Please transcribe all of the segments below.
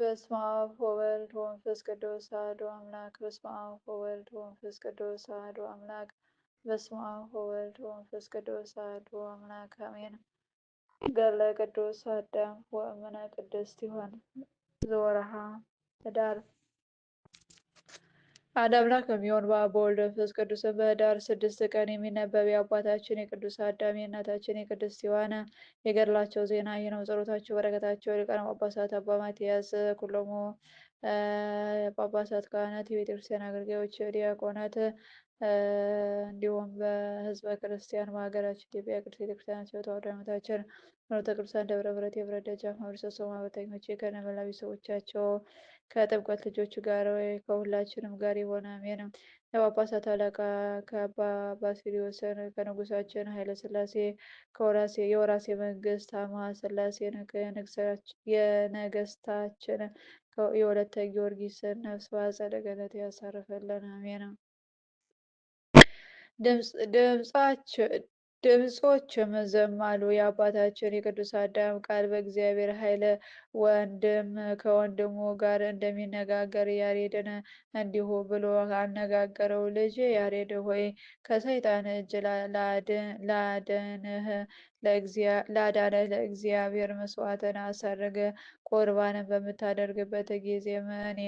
በስመ አብ ወወልድ ወመንፈስ ቅዱስ አሐዱ አምላክ። በስመ አብ ወወልድ ወመንፈስ ቅዱስ አሐዱ አምላክ። በስመ አብ ወወልድ ወመንፈስ ቅዱስ አሐዱ አምላክ አሜን። ገድለ ቅዱስ አዳም ወእምነ ቅድስት ሔዋን ዘወርኀ ኅዳር አንድ አምላክ በሚሆን በአብ ወልድ በመንፈስ ቅዱስ በኅዳር ስድስት ቀን የሚነበብ የአባታችን የቅዱስ አዳም የእናታችን የቅድስት ሔዋን የገድላቸው ዜና ይህ ነው። ጸሎታቸው በረከታቸው ሊቃነ ጳጳሳት አባ ማትያስ ኩሎሞ ጳጳሳት፣ ካህናት፣ የቤተክርስቲያን አገልጋዮች፣ ዲያቆናት እንዲሁም በህዝበ ክርስቲያን በሀገራችን ኢትዮጵያ ቅድስት ቤተክርስቲያን ሲወት ዋዶ ዓመታችን ፍኖተ ቅዱሳን ደብረ ብረት የብረት ደጃፍ ማህበረሰብ ማህበረተኞች ከነመላዊ ሰዎቻቸው ከጥምቀት ልጆቹ ጋር ከሁላችንም ጋር የሆነ አሜን። የጳጳሳት አለቃ ከአባ ባስልዮስን ከንጉሳችን ኃይለ ሥላሴ የወራሴ መንግስት አማ ሥላሴን የነገስታችን የሁለተ ጊዮርጊስን ነፍስ በአጸደ ገነት ያሳርፍልን አሜን። ድምጽ ድምፆች ዘማሉ። የአባታችን የቅዱስ አዳም ቃል በእግዚአብሔር ኃይል ወንድም ከወንድሙ ጋር እንደሚነጋገር ያሬድን እንዲሁ ብሎ አነጋገረው። ልጅ ያሬድ ሆይ ከሰይጣን እጅ ላዳንህ ለእግዚአብሔር መስዋዕትን አሳርግ። ቁርባንን በምታደርግበት ጊዜ እኔ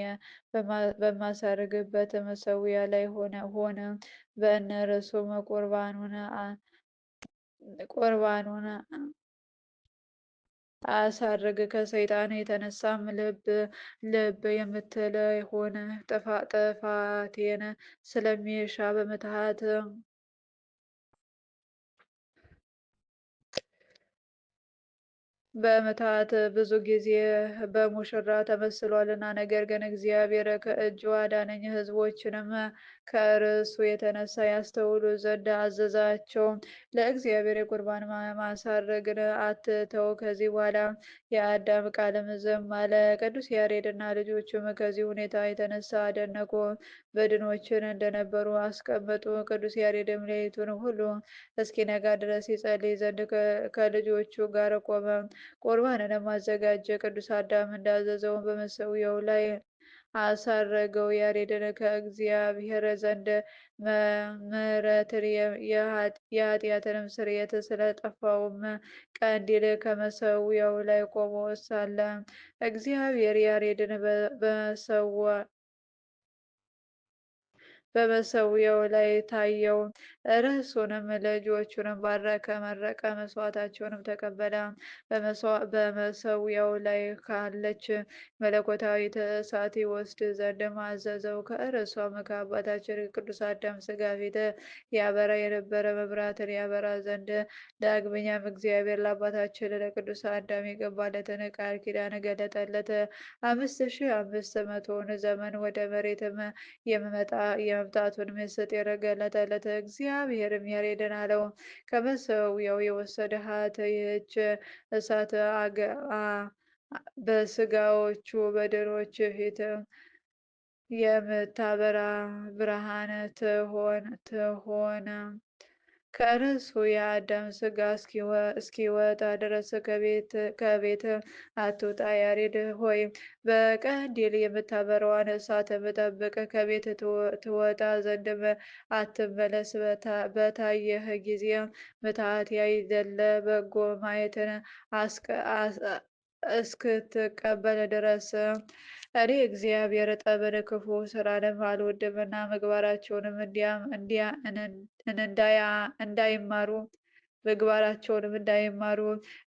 በማሳርግበት መሰዊያ ላይ ሆነ በእነርሱም ቁርባኑን ቁርባኑን አሳረገ ከሰይጣን የተነሳም ልብ ልብ የምትለ የሆነ ጥፋቴን ስለሚሻ በምትሃት በምትሃት ብዙ ጊዜ በሙሽራ ተመስሏልና፣ ነገር ግን እግዚአብሔር ከእጁ አዳነኝ። ህዝቦችንም ከርሱ የተነሳ ያስተውሉ ዘንድ አዘዛቸው። ለእግዚአብሔር የቁርባን ማሳረግን አትተው። ከዚህ በኋላ የአዳም ቃልም ዝም አለ። ቅዱስ ያሬድና ልጆቹም ከዚህ ሁኔታ የተነሳ አደነቁ። በድኖችን እንደነበሩ አስቀመጡ። ቅዱስ ያሬድም ሌሊቱን ሁሉ እስኪነጋ ድረስ ይጸልይ ዘንድ ከልጆቹ ጋር ቆመ። ቁርባንንም አዘጋጀ። ቅዱስ አዳም እንዳዘዘውን በመሰዊያው ላይ አሳረገው። ያሬድን ከእግዚአብሔር ዘንድ ምሕረትን የኃጢአትንም ስርየት ስለጠፋውም ቀንዲል ከመሰዊያው ላይ ቆሞ ሳለ እግዚአብሔር ያሬድን በመሰዊያው ላይ ታየው። ርዕሱንም ልጆቹንም ባረከ፣ መረቀ፣ መስዋዕታቸውንም ተቀበለ። በመሰዊያው ላይ ካለች መለኮታዊት እሳት ይወስድ ዘንድ አዘዘው። ከርዕሷም ከአባታችን ቅዱስ አዳም ስጋ ፊት ያበራ የነበረ መብራትን ያበራ ዘንድ ዳግመኛም እግዚአብሔር ለአባታችን ለቅዱስ አዳም የገባለትን ቃል ኪዳን ገለጠለት። አምስት ሺህ አምስት መቶውን ዘመን ወደ መሬትም የመጣ የመብታቱን ምስጢር ገለጠለት። እግዚአብሔርም ያሬድን አለው ከመሠዊያው የወሰድሃት ይህች እሳት አገአ በስጋዎቹ በድሮች ፊት የምታበራ ብርሃን ትሆን ትሆን ከእርሱ የአዳም ስጋ እስኪወጣ ድረስ ከቤት አትውጣ። ያሬድ ሆይ በቀንዲል የምታበረዋን እሳት ምጠብቅ፣ ከቤት ትወጣ ዘንድ አትመለስ። በታየህ ጊዜ ምታት ያይዘለ በጎ ማየትን እስክትቀበል ድረስ እኔ እግዚአብሔር ጠብን፣ ክፉ ስራንም አልወድምና ምግባራቸውንም እንዳይማሩ ምግባራቸውንም እንዳይማሩ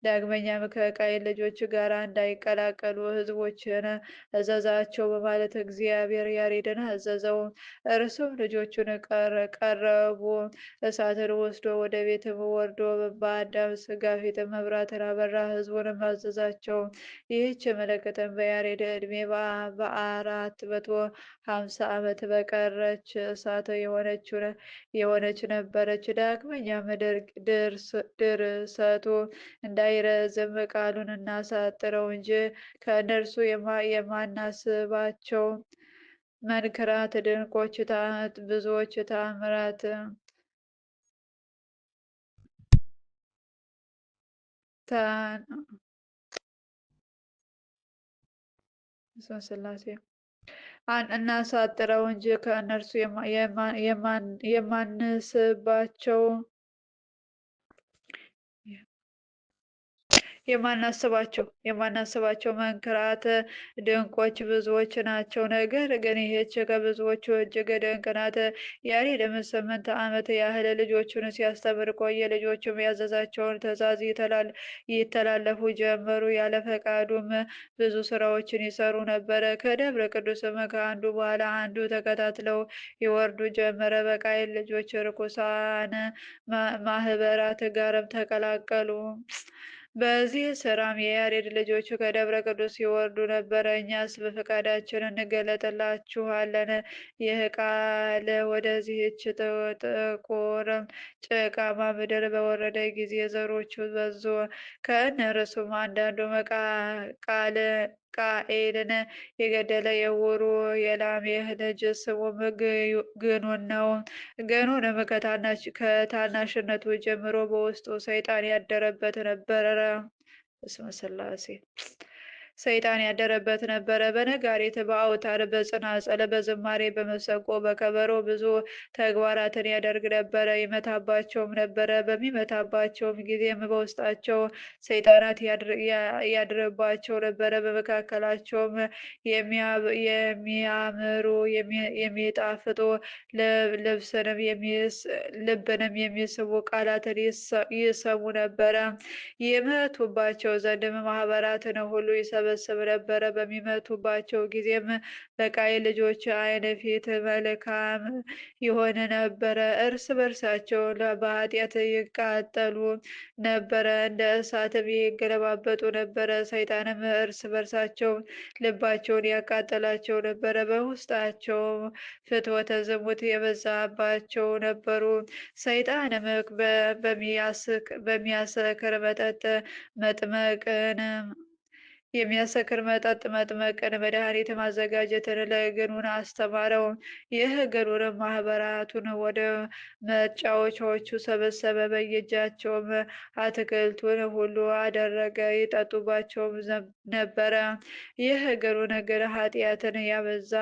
ዳግመኛም ከቃይን ልጆች ጋር እንዳይቀላቀሉ ህዝቦችን እዘዛቸው በማለት እግዚአብሔር ያሬድን አዘዘው። እርሱም ልጆቹን ቀረቡ። እሳትን ወስዶ ወደ ቤትም ወርዶ በአዳም ስጋ ፊት መብራትን አበራ። ህዝቡንም አዘዛቸው። ይህች መለከተን በያሬድ እድሜ በአራት መቶ ሀምሳ ዓመት በቀረች እሳት የሆነች ነበረች። ዳግመኛ ድርስ ድርሰቱ እንዳይረዝም ቃሉን እናሳጥረው እንጂ ከእነርሱ የማናስባቸው መንክራት፣ ድንቆች፣ ብዙዎች ታምራት ስላሴ እናሳጥረው እንጂ ከእነርሱ የማንስባቸው የማናስባቸው የማናስባቸው መንክራት ድንቆች ብዙዎች ናቸው። ነገር ግን ይህች ከብዙዎቹ እጅግ ድንቅ ናት። ያሬድ ስምንት ዓመት ያህል ልጆቹን ሲያስተምር ቆየ። ልጆቹም ያዘዛቸውን ትእዛዝ ይተላለፉ ጀመሩ። ያለ ፈቃዱም ብዙ ስራዎችን ይሰሩ ነበረ። ከደብረ ቅዱስም ከአንዱ በኋላ አንዱ ተከታትለው ይወርዱ ጀመረ። በቃይል ልጆች ርኩሳን ማህበራት ጋርም ተቀላቀሉ። በዚህ ስራም የያሬድ ልጆቹ ከደብረ ቅዱስ ሲወርዱ ነበረ። እኛስ በፈቃዳችን እንገለጥላችኋለን። ይህ ቃል ወደዚህች ጥቁርም ጭቃማ ምድር በወረደ ጊዜ ዘሮቹ በዙ። ከእነርሱም አንዳንዱ ቃል ቃኤልን የገደለ የውሩ የላሜህ ልጅ ስሙም ገኖን ነው። ገኖንም ከታናሽነቱ ጀምሮ በውስጡ ሰይጣን ያደረበት ነበረ። ስመስላሴ ሰይጣን ያደረበት ነበረ። በነጋሪት በአውታር፣ በጽናጸለ በዝማሬ፣ በመሰንቆ፣ በከበሮ ብዙ ተግባራትን ያደርግ ነበረ፣ ይመታባቸውም ነበረ። በሚመታባቸውም ጊዜም በውስጣቸው ሰይጣናት ያድርባቸው ነበረ። በመካከላቸውም የሚያምሩ የሚጣፍጡ ልብንም የሚስቡ ቃላትን ይሰሙ ነበረ። ይመቱባቸው ዘንድም ማህበራትን ሁሉ ይሰበ ይሰበስብ ነበረ። በሚመቱባቸው ጊዜም በቃይ ልጆች ዓይን ፊት መልካም የሆነ ነበረ። እርስ በርሳቸው በኃጢአት ይቃጠሉ ነበረ፣ እንደ እሳትም ይገለባበጡ ነበረ። ሰይጣንም እርስ በርሳቸው ልባቸውን ያቃጠላቸው ነበረ። በውስጣቸው ፍትወተ ዝሙት የበዛባቸው ነበሩ። ሰይጣንም በሚያስክር መጠጥ መጥመቅን የሚያሰክር መጠጥ መጥመቅን፣ መድኃኒት ማዘጋጀትን ለገኑን አስተማረው። ይህ ገኑንም ማህበራቱን ወደ መጫወቻዎቹ ሰበሰበ። በየእጃቸውም አትክልቱን ሁሉ አደረገ፣ ይጠጡባቸውም ነበረ። ይህ ገኑን ግን ኃጢአትን ያበዛ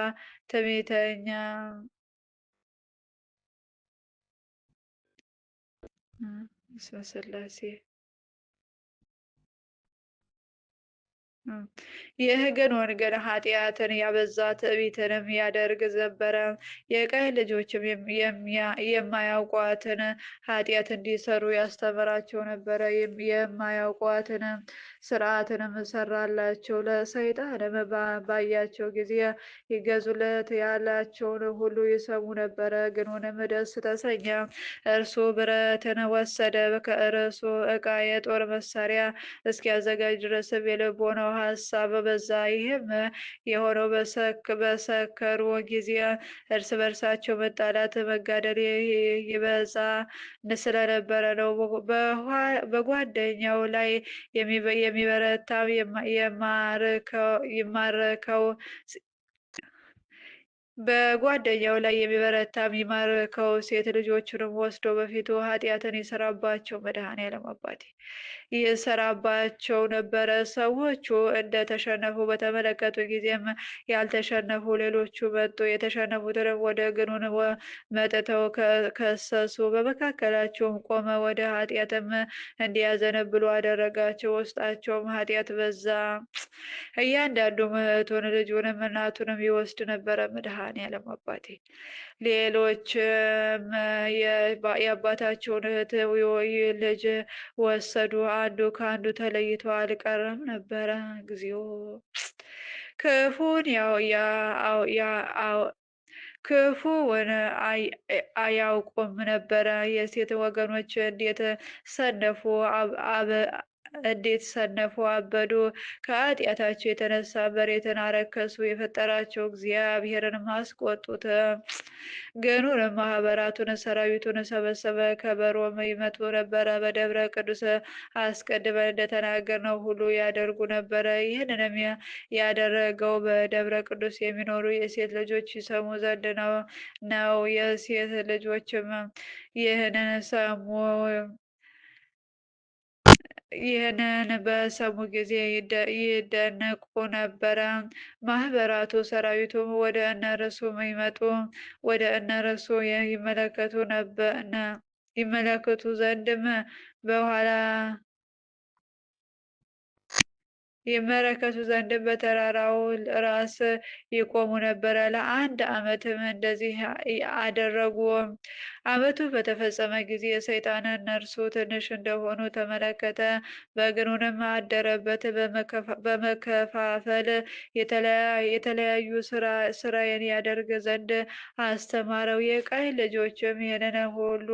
ትዕቢተኛ ስላሴ የህገን ወንገን ኃጢአትን ያበዛ ትዕቢትንም ያደርግ ዘበረ። የቃይ ልጆችም የማያውቋትን ኃጢአት እንዲሰሩ ያስተምራቸው ነበረ። የማያውቋትን ስርዓትንም ሰራላቸው። ለሰይጣንም ባያቸው ጊዜ ይገዙለት ያላቸውን ሁሉ ይሰሙ ነበረ። ግኑንም ደስ ተሰኘ። እርሱ ብረትን ወሰደ። ከእርሱ እቃ የጦር መሳሪያ እስኪያዘጋጅ ድረስም የልቦናው ሀሳብ በዛ። ይህም የሆነው በሰከሩ ጊዜ እርስ በርሳቸው መጣላት፣ መጋደል ይበዛ ስለነበረ ነው። በጓደኛው ላይ የሚበረታው ይማረከው በጓደኛው ላይ የሚበረታ የሚማርከው ሴት ልጆቹንም ወስዶ በፊቱ ኃጢአትን ይሰራባቸው። መድኃኔዓለም አባቴ ይሰራባቸው ነበረ። ሰዎቹ እንደተሸነፉ በተመለከቱ ጊዜም ያልተሸነፉ ሌሎቹ መጡ። የተሸነፉትንም ወደ ግኑን መጥተው ከሰሱ። በመካከላቸውም ቆመ፣ ወደ ኃጢአትም እንዲያዘነብሉ አደረጋቸው። ውስጣቸውም ኃጢአት በዛ። እያንዳንዱ ምህቱን ልጁንም እናቱንም ይወስድ ነበረ። መድኃኔዓለም አባቴ ሌሎችም የአባታቸውን እህት ልጅ ወሰዱ። አንዱ ከአንዱ ተለይቶ አልቀረም ነበረ። እግዚኦ ክፉን ክፉውን አያውቁም ነበረ። የሴት ወገኖች እንዴት ሰነፉ እንዴት ሰነፉ አበዱ። ከኃጢአታቸው የተነሳ መሬትን አረከሱ። የፈጠራቸው እግዚአብሔርን አስቆጡት። ገኑን ማህበራቱን ሰራዊቱን ሰበሰበ። ከበሮም ይመጡ ነበረ። በደብረ ቅዱስ አስቀድመን እንደተናገርነው ሁሉ ያደርጉ ነበረ። ይህንንም ያደረገው በደብረ ቅዱስ የሚኖሩ የሴት ልጆች ይሰሙ ዘንድ ነው። የሴት ልጆችም ይህንን ሰሙ። ይህንን በሰሙ ጊዜ ይደነቁ ነበረ። ማህበራቱ ሰራዊቱ ወደ እነርሱ ይመጡ ወደ እነርሱ ይመለከቱ ነበር ይመለከቱ ዘንድም በኋላ ይመለከቱ ዘንድ በተራራው ራስ ይቆሙ ነበረ። ለአንድ ዓመትም እንደዚህ አደረጉ። ዓመቱ በተፈጸመ ጊዜ የሰይጣን እነርሱ ትንሽ እንደሆኑ ተመለከተ። በግኑንም አደረበት። በመከፋፈል የተለያዩ ስራዬን ያደርግ ዘንድ አስተማረው። የቃይ ልጆችም ይህንን ሁሉ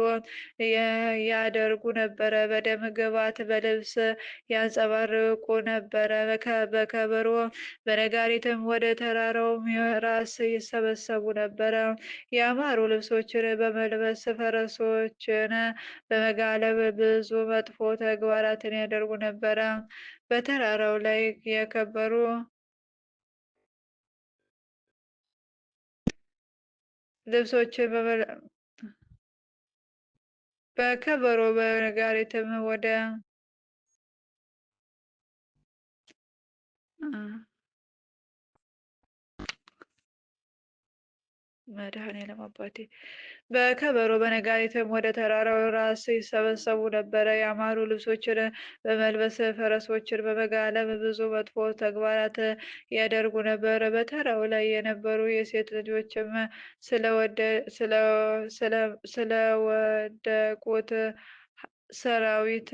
ያደርጉ ነበረ። በደም ግባት በልብስ ያንጸባርቁ ነበረ። በከበሮ በነጋሪትም ወደ ተራራው ራስ ይሰበሰቡ ነበረ። ያማሩ ልብሶችን በመልበስ ፈረሶችን በመጋለብ ብዙ መጥፎ ተግባራትን ያደርጉ ነበረ። በተራራው ላይ የከበሩ ልብሶችን በከበሮ በነጋሪትም ወደ መድኃኔዓለም አባቴ በከበሮ በነጋሪትም ወደ ተራራው ራስ ይሰበሰቡ ነበረ። ያማሩ ልብሶችን በመልበስ ፈረሶችን በመጋለም ብዙ መጥፎ ተግባራት ያደርጉ ነበር። በተራው ላይ የነበሩ የሴት ልጆችም ስለወደቁት ሰራዊት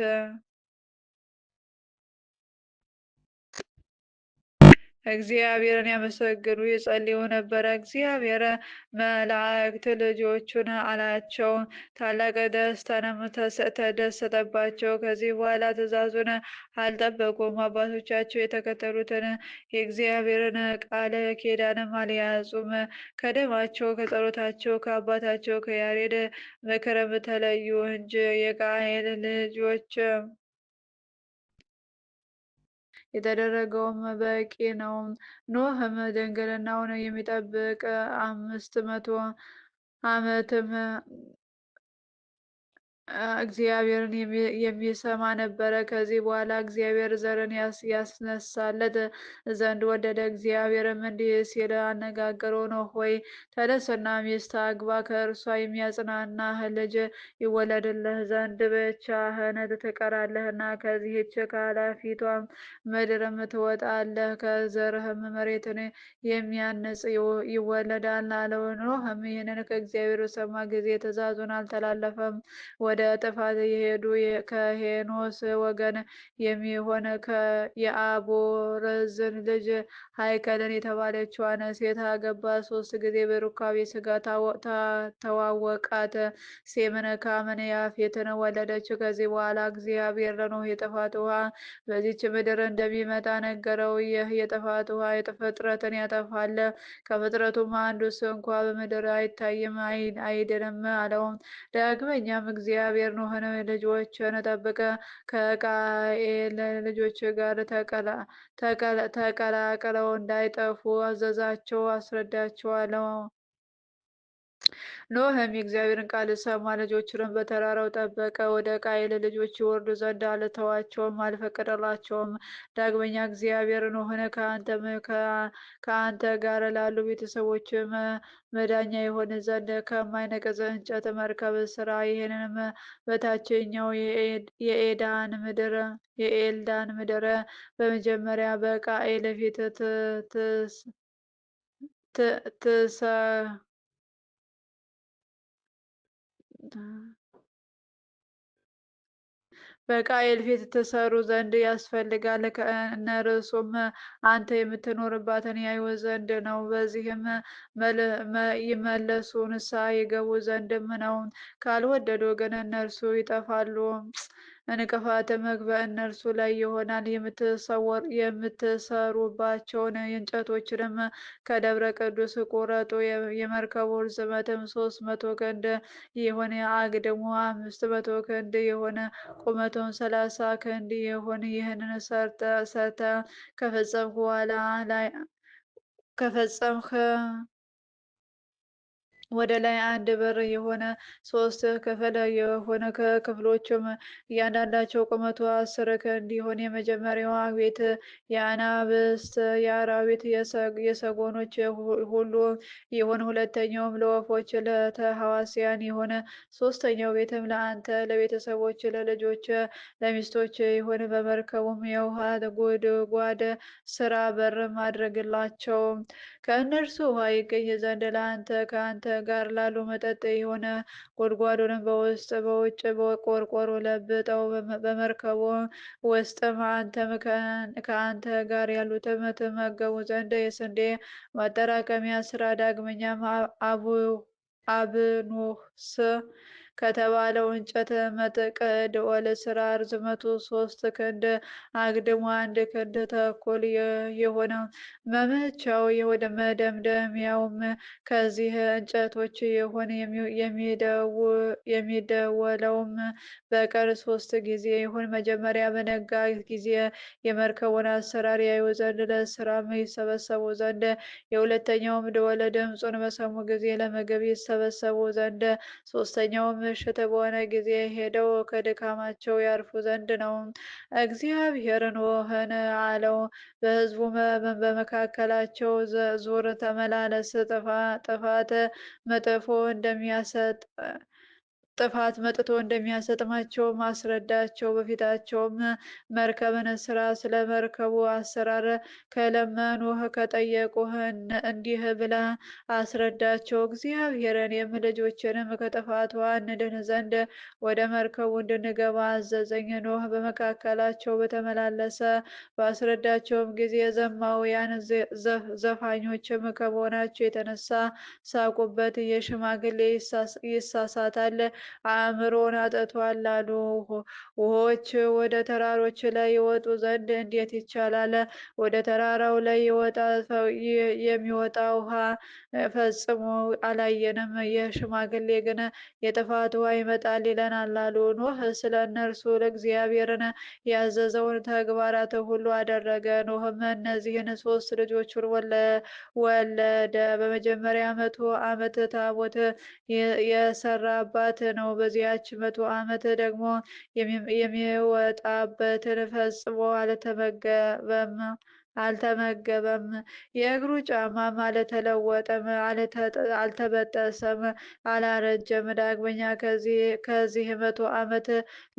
እግዚአብሔርን ያመሰግኑ ይጸልዩ ነበረ። እግዚአብሔር መላእክት ልጆቹን አላቸው፣ ታላቅ ደስታንም ተደሰተባቸው። ከዚህ በኋላ ትእዛዙን አልጠበቁም፣ አባቶቻቸው የተከተሉትን የእግዚአብሔርን ቃል ኪዳንም አልያዙም። ከደማቸው ከጸሎታቸው ከአባታቸው ከያሬድ ምክርም ተለዩ እንጂ የቃየል ልጆች የተደረገውም በቂ ነው። ኖህም ድንግልናውን የሚጠብቅ አምስት መቶ ዓመትም እግዚአብሔርን የሚሰማ ነበረ። ከዚህ በኋላ እግዚአብሔር ዘርን ያስነሳለት ዘንድ ወደደ። እግዚአብሔርም እንዲህ ሲል አነጋገረው፣ ነው ሆይ ተነስና ሚስት አግባ፣ ከእርሷ የሚያጽናናህ ልጅ ይወለድልህ ዘንድ ብቻህን ትቀራለህና ከዚህች ከኃላፊቷም ምድርም ትወጣለህ፣ ከዘርህም መሬትን የሚያንጽ ይወለዳል አለው። ኖህም ይህንን ከእግዚአብሔር ሰማ ጊዜ ትእዛዙን አልተላለፈም። ወደ ጥፋት የሄዱ ከሄኖስ ወገን የሚሆን የአቦረዝን ልጅ ሀይከልን የተባለችዋን ሴት አገባ። ሶስት ጊዜ በሩካቤ ስጋ ተዋወቃት። ሴምን፣ ካምን፣ ያፌትን ወለደች። ከዚህ በኋላ እግዚአብሔር ነው የጥፋት ውሃ በዚች ምድር እንደሚመጣ ነገረው። ይህ የጥፋት ውሃ ፍጥረትን ያጠፋል፣ ከፍጥረቱም አንዱ እንኳ በምድር አይታይም አይደለም አለው። ዳግመኛም እግዚአብሔር እግዚአብሔር ኖኅን ልጆችን ጠብቀ ከቃኤል ልጆች ጋር ተቀላቅለው እንዳይጠፉ አዘዛቸው። አስረዳቸዋለሁ ኖህም የእግዚአብሔርን ቃል ሰማ፣ ልጆቹንም በተራራው ጠበቀ። ወደ ቃየል ልጆች ይወርዱ ዘንድ አልተዋቸውም፣ አልፈቀደላቸውም። ዳግመኛ እግዚአብሔር ኖህን ከአንተ ጋር ላሉ ቤተሰቦች መዳኛ የሆነ ዘንድ ከማይነቀዘ እንጨት መርከብ ስራ። ይህንንም በታችኛው የኤዳን ምድር የኤልዳን ምድር በመጀመሪያ በቃኤል ፊት ትሰ በቃኤል ፊት ትሰሩ ዘንድ ያስፈልጋል። ከእነርሱም አንተ የምትኖርባትን ያዩ ዘንድ ነው። በዚህም ይመለሱ ንስሐ ይገቡ ዘንድም ነው። ካልወደዱ ግን እነርሱ ይጠፋሉ። እንቅፋት እነርሱ ላይ ይሆናል። የምትሰሩባቸውን እንጨቶችንም ከደብረ ቅዱስ ቁረጡ። የመርከቡ ርዝመት ሶስት መቶ ክንድ የሆነ አግድሙ አምስት መቶ ክንድ የሆነ ቁመቱን ሰላሳ ክንድ የሆነ ይህንን ሰርተ ከፈጸምክ በኋላ ከፈጸምክ ወደ ላይ አንድ በር የሆነ ሶስት ክፍል የሆነ ከክፍሎቹም እያንዳንዳቸው ቁመቱ አስር ክንድ ይሆን። የመጀመሪያው ቤት የአናብስት የአራዊት የሰጎኖች ሁሉ ይሆን። ሁለተኛውም ለወፎች ለተሐዋስያን የሆነ ሶስተኛው ቤትም ለአንተ ለቤተሰቦች፣ ለልጆች፣ ለሚስቶች ይሆን። በመርከቡም የውሃ ጉድጓድ ስራ በር አድርግላቸው። ከእነርሱ ውሃ ይገኝ ዘንድ ለአንተ ከአንተ ጋር ላሉ መጠጥ የሆነ ጉድጓዱንም በውስጥ በውጭ በቆርቆሮ ለብጠው በመርከቡ ውስጥም አንተም ከአንተ ጋር ያሉትም ትመገቡ ዘንድ የስንዴ ማጠራቀሚያ ስራ ዳግመኛም አብኖስ ከተባለው እንጨት መጠቀድ ስራ ርዝመቱ ሶስት ክንድ አግድሞ አንድ ክንድ ተኩል የሆነ መመቻው የሆነ መደምደሚያውም ከዚህ እንጨቶች የሆነ የሚደወለውም በቀን ሶስት ጊዜ ይሁን። መጀመሪያ በነጋ ጊዜ የመርከቡን አሰራር ያዩ ዘንድ ለስራም ይሰበሰቡ ዘንድ፣ የሁለተኛውም ደወለ ድምፁን በሰሙ ጊዜ ለምግብ ይሰበሰቡ ዘንድ፣ ሶስተኛውም ምሽት በሆነ ጊዜ ሄደው ከድካማቸው ያርፉ ዘንድ ነው። እግዚአብሔር ኖኅን አለው፣ በሕዝቡ በመካከላቸው ዙር ተመላለስ፣ ጥፋት መጥፎ እንደሚያሰጥ ጥፋት መጥቶ እንደሚያሰጥማቸው ማስረዳቸው። በፊታቸውም መርከብን ስራ ስለ መርከቡ አሰራር ከለመኑህ ከጠየቁህ እንዲህ ብላ አስረዳቸው። እግዚአብሔርን የምልጆችንም ከጥፋቷ እንድን ዘንድ ወደ መርከቡ እንድንገባ አዘዘኝ። ኖህ በመካከላቸው በተመላለሰ ባስረዳቸውም ጊዜ ዘማውያን ዘፋኞችም ከመሆናቸው የተነሳ ሳቁበት። የሽማግሌ ይሳሳታል አእምሮን አጠቷል አሉ። ውሆች ወደ ተራሮች ላይ ይወጡ ዘንድ እንዴት ይቻላል? ወደ ተራራው ላይ የሚወጣ ውሃ ፈጽሞ አላየንም። የሽማግሌ ሽማግሌ ግን የጥፋት ውሃ ይመጣል ይለናል አሉ። ኖህ ስለ እነርሱ ለእግዚአብሔርን ያዘዘውን ተግባራት ሁሉ አደረገ። ኖህም እነዚህን ሶስት ልጆቹን ወለደ። በመጀመሪያ መቶ ዓመት ታቦት የሰራባት ነው። በዚያች መቶ ዓመት ደግሞ የሚወጣበትን ፈጽሞ አልተመገበም አልተመገበም የእግሩ ጫማም አልተለወጠም፣ አልተበጠሰም፣ አላረጀም። ዳግመኛ ከዚህ መቶ ዓመት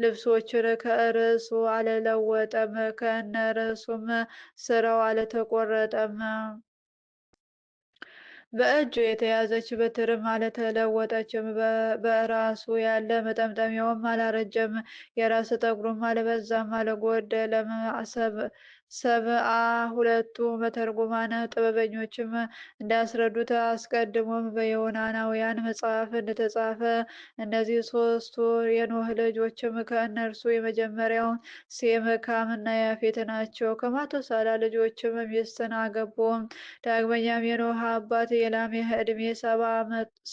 ልብሶችን ከርዕሱ አልለወጠም፣ ከነ ርዕሱም ስራው አልተቆረጠም። በእጁ የተያዘች በትርም አልተለወጠችም። በራሱ ያለ መጠምጠሚያውም አላረጀም። የራስ ጠጉሩም አልበዛም አልጎደለም። ሰብአ ሁለቱ መተርጉማነ ጥበበኞችም እንዳስረዱት አስቀድሞም በዮናናውያን መጽሐፍ እንደተጻፈ እነዚህ ሶስቱ የኖህ ልጆችም ከእነርሱ የመጀመሪያው ሴም፣ ካም እና ያፌት ናቸው። ከማቶሳላ ልጆችም ሚስትን አገቡ። ዳግመኛም የኖህ አባት የላሜህ ዕድሜ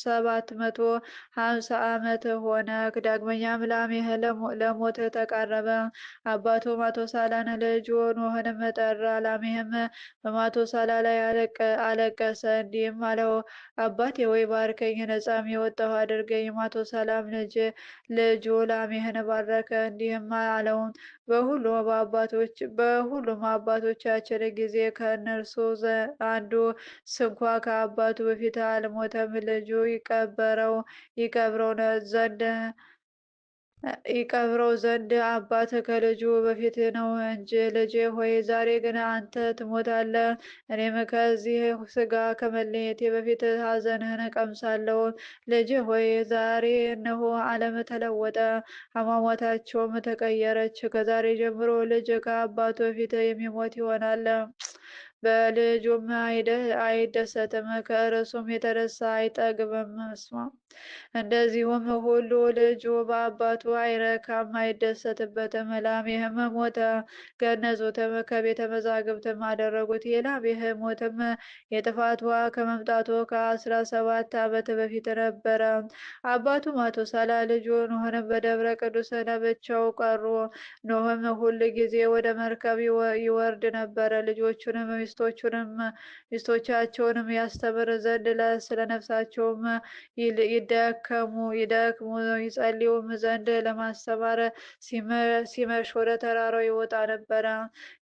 ሰባት መቶ ሀምሳ ዓመት ሆነ። ዳግመኛም ላሜህ ለሞት ተቃረበ። አባቱ ማቶሳላን ልጅ ኖህን ስሟንም ጠራ። ላሜህም በማቶሳላ ላይ አለቀሰ፣ እንዲህም አለው፣ አባቴ ወይ ባርከኝ፣ ነፃም የወጣሁ አድርገኝ። ማቶሳላም ልጁ ላሜህን ባረከ፣ እንዲህም አለው፣ በሁሉም አባቶቻችን ጊዜ ከእነርሱ አንዱ ስንኳ ከአባቱ በፊት አልሞተም። ልጁ ይቀበረው ይቀብረው ዘንድ ይቀብረው ዘንድ አባት ከልጁ በፊት ነው እንጂ ልጄ ሆይ ዛሬ ግን አንተ ትሞታለህ፣ እኔም ከዚህ ስጋ ከመለየቴ በፊት ሐዘንህን ቀምሳለሁ። ልጄ ሆይ ዛሬ እነሆ ዓለም ተለወጠ፣ አሟሟታቸውም ተቀየረች። ከዛሬ ጀምሮ ልጅ ከአባቱ በፊት የሚሞት ይሆናል። በልጁም አይደሰትም፣ ከእርሱም የተነሳ አይጠግብም። ስማ እንደዚሁም ሁሉ ልጁ በአባቱ አይረካም አይደሰትበትም። ላሜህም ሞተ፣ ገነዙትም፣ ከቤተ መዛግብትም አደረጉት። የላሜህም ሞትም የጥፋት ውሃ ከመምጣቱ ከአስራ ሰባት ዓመት በፊት ነበረ። አባቱ ሰላ ልጁ ኖህን በደብረ ቅዱስ ለብቻው ቀሩ። ኖህም ሁል ጊዜ ወደ መርከብ ይወርድ ነበረ። ልጆቹንም ሚስቶቹንም ሚስቶቻቸውንም ያስተምር ዘንድ ስለነፍሳቸውም ይደከሙ ይደክሙ ይጸልዩም ዘንድ ለማስተማር ሲመሽ ወደ ተራራው ይወጣ ነበረ።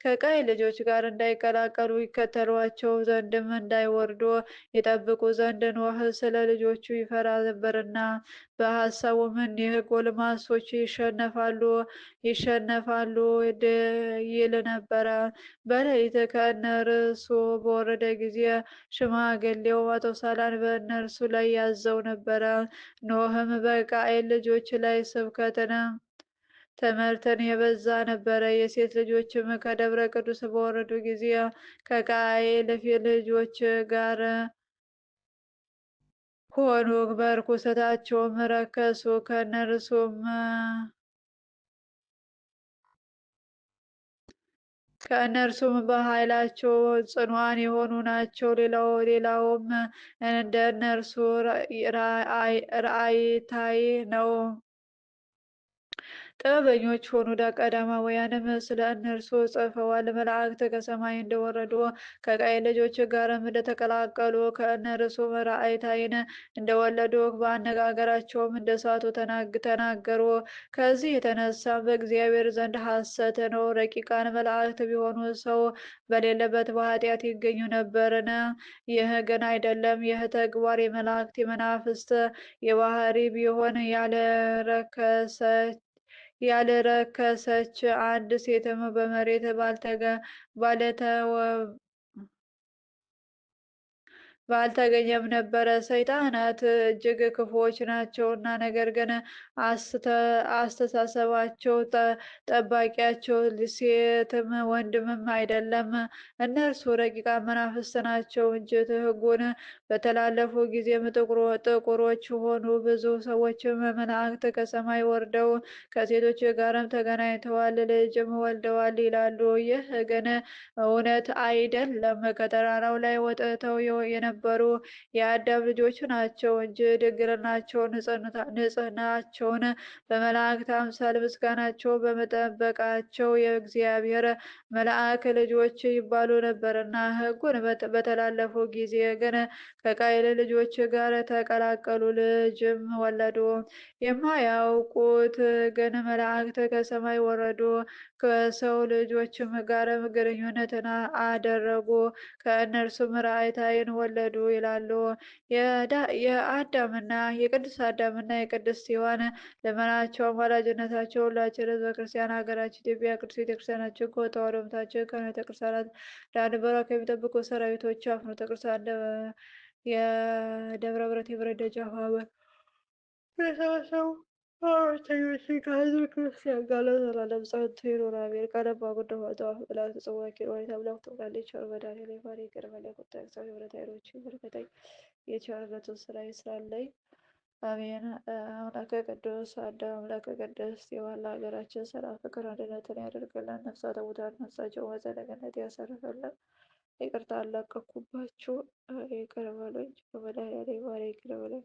ከቃይ ልጆች ጋር እንዳይቀላቀሉ ይከተሏቸው ዘንድም እንዳይወርዱ ይጠብቁ ዘንድ ኖህ ስለ ልጆቹ ይፈራ ነበርና በሀሳቡም እኒህ ጎልማሶች ይሸነፋሉ ይሸነፋሉ ይል ነበረ። በሌሊት ከእነርሱ በወረደ ጊዜ ሽማግሌው አቶ ሳላን በእነርሱ ላይ ያዘው ነበር ነበረ። ኖህም በቃኤል ልጆች ላይ ስብከትን ትምህርትን የበዛ ነበረ። የሴት ልጆችም ከደብረ ቅዱስ በወረዱ ጊዜ ከቃኤል ልጆች ጋር ሆኑ፣ በርኩሰታቸውም ረከሱ። ከእነርሱም ከእነርሱም በኃይላቸው ጽኗን የሆኑ ናቸው። ሌላው ሌላውም እንደ እነርሱ ራእይታይ ነው። ጥበበኞች ሆኑ። ቀዳማውያንም ስለ እነርሱ ጽፈዋል። መላእክት ከሰማይ እንደወረዱ ከቃይ ልጆች ጋርም እንደተቀላቀሉ ከእነርሱም ራእይታይን እንደወለዱ በአነጋገራቸውም እንደሳቱ ተናገሩ። ከዚህ የተነሳ በእግዚአብሔር ዘንድ ሐሰት ነው። ረቂቃን መላእክት ቢሆኑ ሰው በሌለበት በኃጢአት ይገኙ ነበርን? ይህ ግን አይደለም። ይህ ተግባር የመላእክት የመናፍስት የባህሪ ቢሆን ያለረከሰች ያልረከሰች አንድ ሴትም በመሬት ባልተገኘም ነበረ። ሰይጣናት እጅግ ክፉዎች ናቸውና፣ ነገር ግን አስተሳሰባቸው ጠባቂያቸው ሴትም ወንድምም አይደለም። እነርሱ ረቂቃ መናፍስት ናቸው እንጂ ሕጉን በተላለፉ ጊዜም ጥቁሮች ሆኑ። ብዙ ሰዎችም መላእክት ከሰማይ ወርደው ከሴቶች ጋርም ተገናኝተዋል፣ ልጅም ወልደዋል ይላሉ። ይህ ግን እውነት አይደለም። ከተራራው ላይ ወጥተው የነበ የነበሩ የአዳም ልጆች ናቸው እንጂ ድንግልናቸውን፣ ንጽህናቸውን በመላእክት አምሳል ምስጋናቸው በመጠበቃቸው የእግዚአብሔር መልአክ ልጆች ይባሉ ነበርና ሕጉን በተላለፉ ጊዜ ግን ከቃይል ልጆች ጋር ተቀላቀሉ። ልጅም ወለዱ። የማያውቁት ግን መላእክት ከሰማይ ወረዱ፣ ከሰው ልጆችም ጋር ግንኙነትን አደረጉ። ከእነርሱም ራእይታይን ወለዱ። ተወለዱ ይላሉ። የአዳምና የቅዱስ አዳምና የቅዱስ ሔዋን ልመናቸውም ወላጅነታቸው ሁላችን ህዝበ ክርስቲያን ሀገራችን ኢትዮጵያ ቅዱስ ቤተክርስቲያናችን እኮ ተዋዶምታችን ከቤተ ክርስቲያናት ለአንበራ ከሚጠብቁ ሰራዊቶች አፍኖ ተቅርሳን የደብረ ብረት የብረት ደጃፍ ሰበሰቡ። ሐዋርተኞች ከሕዝብ ክርስቲያን ጋር ለዘላለም ጸንቶ ይኖራል። የቀለም አጉደ ሆጠዋ ብላት ጽዋኪ ወይ አምላክ ትሆናለች። ቸር መድኃኒዓለም የማሪ ገርበለ ቁጣ ሰው ህብረት ኃይሎች መልከተኝ የቸርነቱን ስራ ይስራለኝ። አሜን። አምላከ ቅዱስ አንድ አምላከ ቅድስት የዋላ ሀገራችን ሰላም፣ ፍቅር፣ አንድነትን ያደርግልን። ነፍሳተ ሙታን ነፍሳቸው መጸደቅነት ያሰርፍልን። ይቅርታ አላቀኩባችሁ ይቅር በሉኝ። በመድኃኒዓለም የማሪ ይቅር በለኝ፣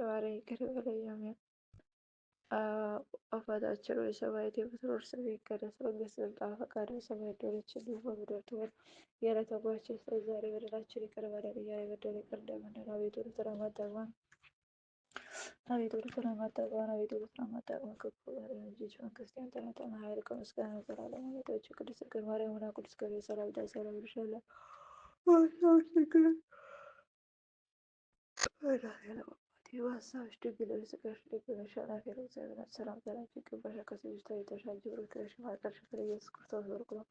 የማሪ ይቅር በለኝ። አሜን አፋታቸው ሆይ የምትኖር ስምህ ይቀደስ፣ መንግስትህ ትምጣ፣ ፈቃድ በሰማይ እንደሆነች እንዲሁ በምድር ትሁን። የዕለት ምግባችንን ስጠን ዛሬ፣ በደላችንን ይቅር በለን እኛ የበደሉንን ይቅር እንደምንል፣ አቤቱ ወደ ፈተና አታግባን፣ አቤቱ ወደ ፈተና አታግባን፣ አቤቱ ወደ ፈተና አታግባን፣ ከክፉ አድነን እንጂ መንግስት ያንተ ናትና፣ ኃይል ከምስጋና ለዘላለም አሜን። እኅታችን ቅድስት ድንግል ማርያም ሆይ ቅዱስ ገብርኤል ሰላምታ ይድረስልሽ። ዲቡ ሀሳብሽ ድግ ለብሽ ስጋሽ ድግ ነሽ። ለእግዚአብሔር ሰላም በላንቺ ይገባሻል። ከሴቶች ልጅ ተለይተሻል። እንጂ ብሩክነሽ መካከልሽ ፍሬ ኢየሱስ ክርስቶስ ብሩክ ነው።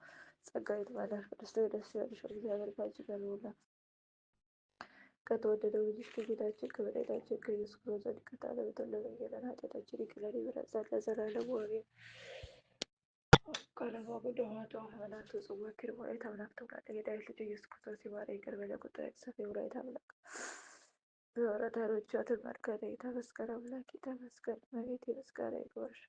ጸጋ የተመላሽ ቅድስት ሆይ ደስ ይበልሽ፣ እግዚአብሔር ባንቺ ጋር ነውና ከተወደደው ልጅሽ ከጌታችን ከመድኃኒታችን ከኢየሱስ ክርስቶስ ዘንድ ከታለ በተወለደ ወንጌልን ኃጢአታችን ይቅረን ይበለን ለዘላለም አሜን። ቀለማ ጉዳኋቶ አምላክ ጽዋ ክርማ የታምላክ ተውላደ የዳዊት ልጅ ኢየሱስ ክርስቶስ ይማረ ይቅር በለ ቁጥር ሰፊ ውራይት አምላክ ዘወረደ ሩጫ ተመልከተ። የተመስገን አምላክ የተመስገን። የምስጋና ይግባሽ።